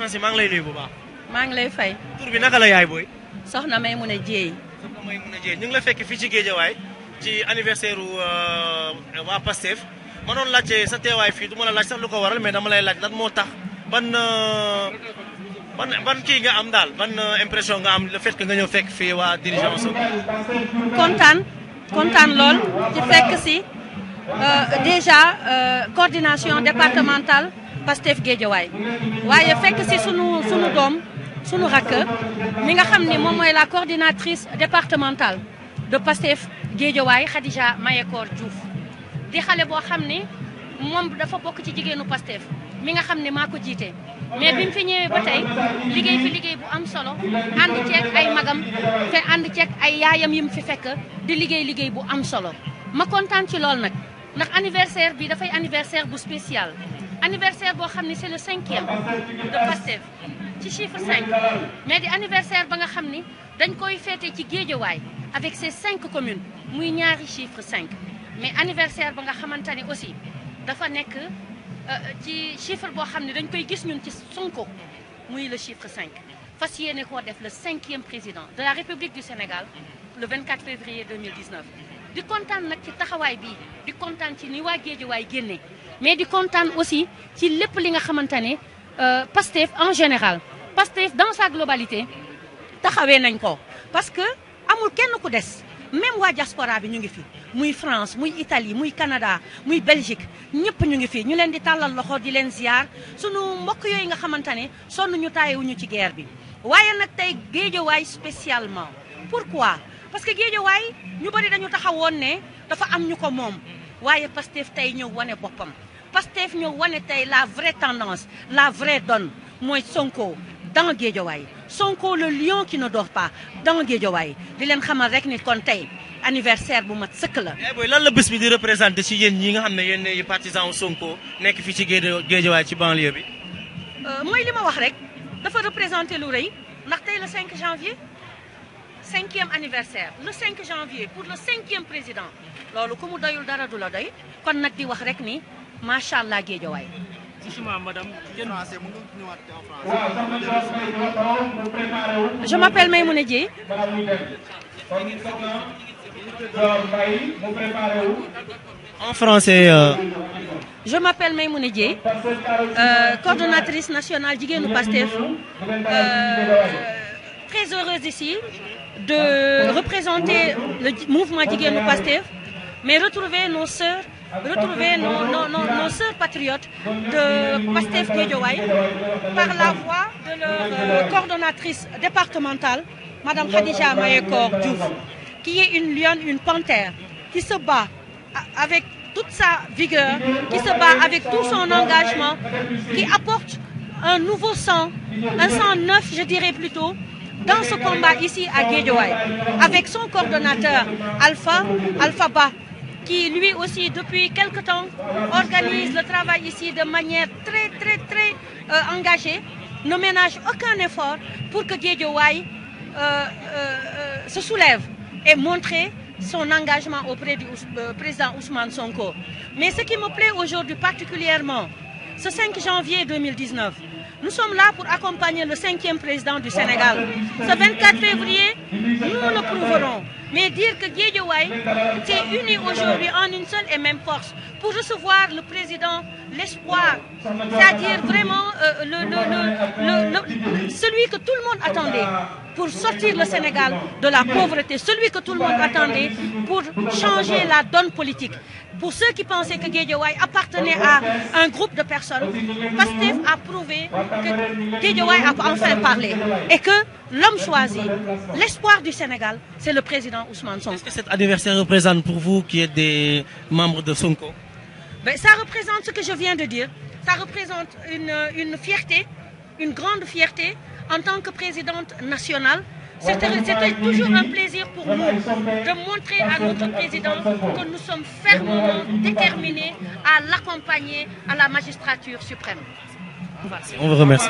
soxna si maa ngi lay nuyu bu baax. maa ngi lay fay. tur bi naka la yaay booy. soxna may mun a jéey. soxna may mun a jéey ñu ngi la fekk fii ci Géejawaay ci anniversaire waa Pastef ma doon laajte sa teewaay fii du ma la laaj sax lu ko waral mais dama lay laaj lan moo tax ban ban ban kii nga am daal ban impression nga am le fait que nga ñëw fekk fii waa dirigeance. kontaan kontaan lool ci fekk si déjà coordination départementale. Pastef Guédiawaye waaye fekk si sunu sunu doom sunu rakk mi nga xam ni moom mooy la coordinatrice départementale de Pastef Guédiawaye Khadija Mayekor Diouf di xale boo xam ni moom dafa bokk ci jigéenu Pastef mi nga xam ne maa ko jiite mais bi mu fi ñëwee ba tey liggéey fi liggéey bu am solo ànd ceeg ay magam te ànd ceeg ay yaayam yi mu fi fekk di liggéey liggéey bu am solo ma kontaan ci lool nag ndax anniversaire bi dafay anniversaire bu spécial anniversaire de xamni c'est le cinquième de C'est ci chiffre 5. mais di anniversaire ba nga xamni dañ koy ci avec ses 5 communes muy ñaari chiffre 5. mais anniversaire ba nga xamantani aussi dafa nek euh, ci chiffre bo xamni dañ koy gis ñun ci Sonko muy le chiffre 5 fas ko def le cinquième président de la République du Sénégal le 24 février 2019 di contane nak ci taxaway bi di contane ci ni wa Guédiawaye génné mais di contane aussi ci lepp li nga xamantane euh Pastef en général Pastef dans sa globalité taxawé nañ ko parce que amul kenn ku dess même wa diaspora bi ñu ngi fi muy France muy Italie muy Canada muy Belgique ñepp ñu ngi fi ñu leen di talal loxo di leen ziar suñu mbokk yooyu nga xamante ne sonn ñu taayewuñu ci guerre bi waaye nag tey géejawaay spécialement pourquoi parce que géejawaay ñu bari dañu taxawone ne dafa am ñuko mom waye Pastef tay ñew woné bopam Pastef ñoo wane tey la vraie tendance la vraie donne mooy Sonko dans Guédiawaye Sonko le lion qui ne dort pas dans Guédiawaye di leen xamal rek ni kon tey anniversaire bu mat sëkk la. Eh boy lan la bés bi di représenté si yéen ñi nga xam ne yéen ay partisans wu Sonko nekk fii ci ci banlieue bi. Euh, mooy li ma wax rek dafa représenter lu rëy ndax tey le 5 janvier cinquième anniversaire le 5 janvier pour le cinquième président loolu ku mu doyul dara du la doy kon nag di wax rek ni. Je m'appelle Maïmouna En français. Je m'appelle Maïmouna coordonnatrice nationale Jigéenu Pastef. très heureuse ici de représenter le mouvement Jigéenu pasteur mais retrouver nos sœurs retrouver nos, nos, sœurs patriotes de Pastef Guédiouaï par la voix de leur euh, coordonnatrice départementale, Madame Khadija Mayekor Djouf, qui est une lionne, une panthère, qui se bat avec toute sa vigueur, qui se bat avec tout son engagement, qui apporte un nouveau sang, un sang neuf, je dirais plutôt, dans ce combat ici à Guédiouaï, avec son coordonnateur Alpha, Alpha Ba, qui lui aussi depuis quelque temps organise le travail ici de manière très très très euh, engagée, ne ménage aucun effort pour que Guédiouaï euh, euh, se soulève et montrer son engagement auprès du euh, président Ousmane Sonko. Mais ce qui me plaît aujourd'hui particulièrement, ce 5 janvier 2019, nous sommes là pour accompagner le cinquième président du Sénégal. Ce 24 février, nous le prouverons mais dire que Guédiouaï s'est uni aujourd'hui en une seule et même force pour recevoir le président, l'espoir, c'est-à-dire vraiment euh, celui que tout le monde attendait pour sortir le Sénégal de la pauvreté, celui que tout le monde attendait, pour changer la donne politique. Pour ceux qui pensaient que Guédiouaï appartenait à un groupe de personnes, Pastef a prouvé que Guédiouaï a enfin parlé et que l'homme choisi, l'espoir du Sénégal, c'est le président Ousmane Sonko. Qu'est-ce que cet anniversaire représente pour vous qui êtes des membres de Sonko ben, Ça représente ce que je viens de dire. Ça représente une, une fierté, une grande fierté en tant que présidente nationale, c'était toujours un plaisir pour nous de montrer à notre président que nous sommes fermement déterminés à l'accompagner à la magistrature suprême. On vous remercie.